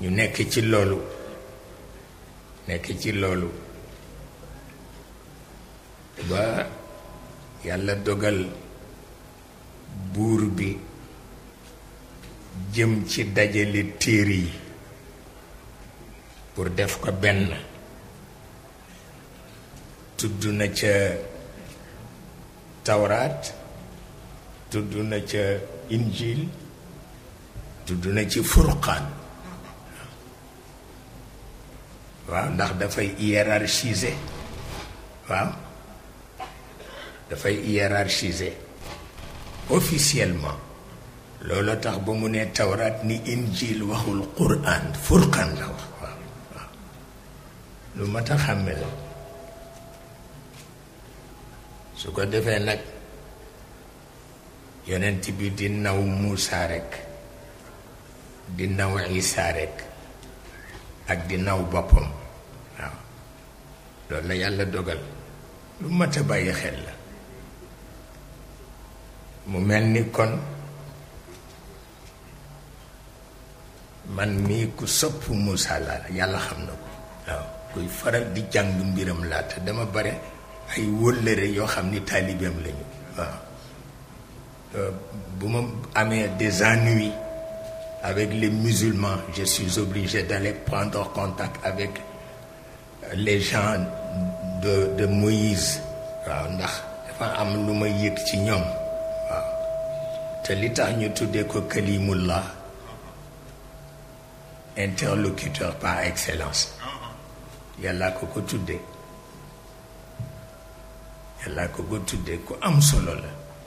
ñu nekk ci loolu nekk ci loolu ba yàlla dogal buur bi jëm ci dajale téer yi pour def ko benn tudd na ca tawraat tudd na ca injil tudd na ci furqaan waaw ndax dafay hiérarchiser waaw dafay hiérarchiser officiellement loolu tax ba mu nee tawraat ni injil waxul quraan furqaan la wax waaw lu mat a xàmme su ko defee nag yonent bi di naw Muusaa rekk di naw Isaa rekk ak di naw boppam waaw loolu la yàlla dogal lu mat a bàyyi xel la mu mel ni kon man mii ku sëpp Moussa yàlla xam na ko waaw kuy faral di jàng mbiram laa te dama bare ay wëllëre yoo xam ni taalibeem lañu waaw euh, bu ma amee des ennuis avec les musulmans, je suis obligé d'aller prendre contact avec euh, les gens de de ndax am lu ma yëg ci ñoom te li tax ñu tudde ko kalimullah interlocuteur par excellence yàlla ko ko tuddee yàlla ko ko tuddee ku am solo la